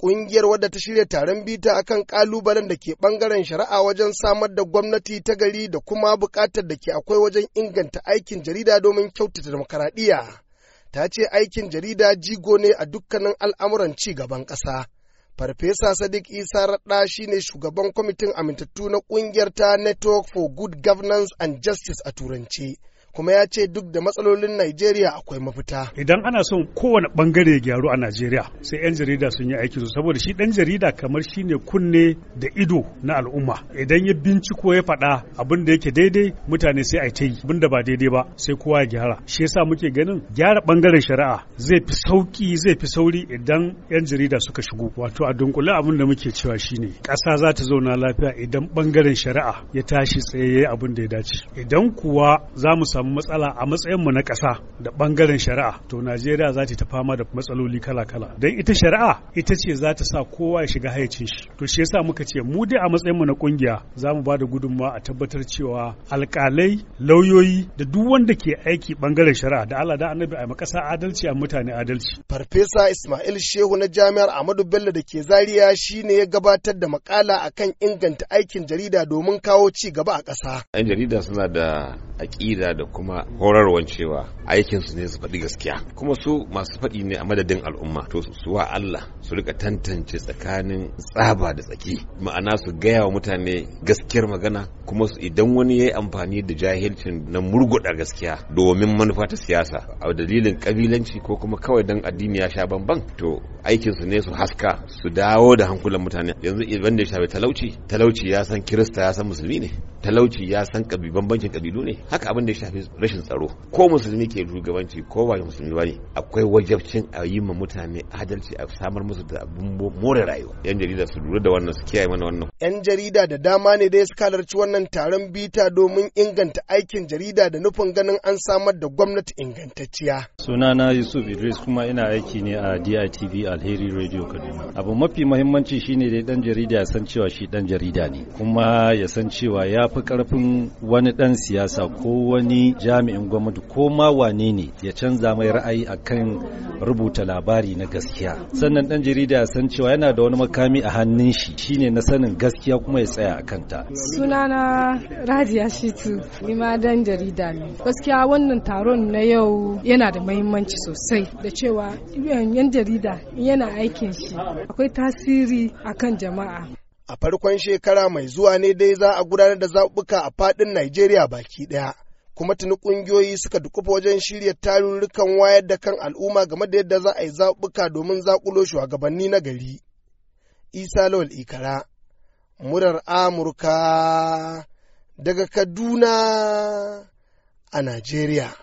Ƙungiyar wadda ta shirya taron bita akan ƙalubalen da ke ɓangaren shari'a wajen samar da gwamnati ta gari da kuma buƙatar da ke akwai wajen inganta aikin jarida domin kyautata demokaradiyya. Ta ce aikin jarida jigo ne a dukkanin al'amuran ci gaban ƙasa. Farfesa Sadiq Isa Raɗa shine shugaban kwamitin amintattu na ƙungiyar ta Network for Good Governance and Justice a Turanci. kuma ya ce duk da matsalolin Najeriya akwai mafita. Idan ana son kowane bangare ya gyaru a Najeriya sai 'yan jarida sun yi aiki saboda shi ɗan jarida kamar shi ne kunne da ido na al'umma. Idan ya binciko ya faɗa abin da yake daidai mutane sai a ta yi abin da ba daidai ba sai kowa ya gyara. Shi yasa muke ganin gyara bangaren shari'a zai fi sauki zai fi sauri idan 'yan jarida suka shigo. Wato a dunkule abin da muke cewa shine ƙasa za ta zauna lafiya idan bangaren shari'a ya tashi tsaye abin da ya dace. Idan kuwa za mu samu samu matsala a matsayin mu na ƙasa da ɓangaren shari'a to Najeriya za ta fama da matsaloli kala-kala dan ita shari'a ita ce za ta sa kowa ya shiga hayacin shi to shi yasa muka ce mu dai a matsayin mu na kungiya za mu ba da gudunmawa a tabbatar cewa alƙalai lauyoyi da duk wanda ke aiki bangaren shari'a da Allah da Annabi a makasa adalci a mutane adalci Farfesa Ismail Shehu na Jami'ar Ahmadu Bello da ke Zaria shine ya gabatar da makala akan inganta aikin jarida domin kawo ci gaba a ƙasa. 'Yan jarida suna da aƙida da kuma horarwan cewa aikin su ne su faɗi gaskiya kuma su masu faɗi ne a madadin al'umma to su wa Allah su rika tantance tsakanin tsaba da tsaki ma'ana su gaya wa mutane gaskiyar magana kuma su idan wani ya yi amfani da jahilcin na murguɗa gaskiya domin manufa ta siyasa a dalilin kabilanci ko kuma kawai dan addini ya sha bamban to aikin su ne su haska su dawo da hankulan mutane yanzu idan da ya shafi talauci talauci ya san kirista ya san musulmi ne talauci ya san bambancin kabilu ne haka abin da ya shafi rashin tsaro ko musulmi ke shugabanci ko ba musulmi ba ne akwai wajabcin a yi ma mutane adalci a samar musu da abin more rayuwa yan jarida su lura da wannan su kiyaye mana wannan yan jarida da dama ne dai suka halarci wannan taron bita domin inganta aikin jarida da nufin ganin an samar da gwamnati ingantacciya sunana yusuf idris kuma ina aiki ne a DITV alheri radio kaduna abu mafi muhimmanci shine dai dan jarida ya san cewa shi dan jarida ne kuma ya san cewa ya fi karfin wani dan siyasa ko wani jami'in gwamnati ko ma wane ne ya canza mai ra'ayi a kan rubuta labari na gaskiya sannan dan jarida ya san cewa yana da wani makami a hannun shi shine na sanin gaskiya kuma ya tsaya a kanta sunana Radiya Shitu ni ma dan jarida ne gaskiya wannan taron na yau yana da muhimmanci sosai da cewa yan jarida yana aikin shi akwai tasiri akan jama'a a farkon shekara mai zuwa ne dai za a gudanar da zaɓuka a faɗin Najeriya baki ɗaya. kuma tuni kungiyoyi suka dukufa wajen shirya tarurrukan wayar da kan al'umma game da yadda za a yi zaɓuka domin zaƙulo shugabanni na gari. Isa Lawal Ikara, murar Amurka daga Kaduna a Najeriya.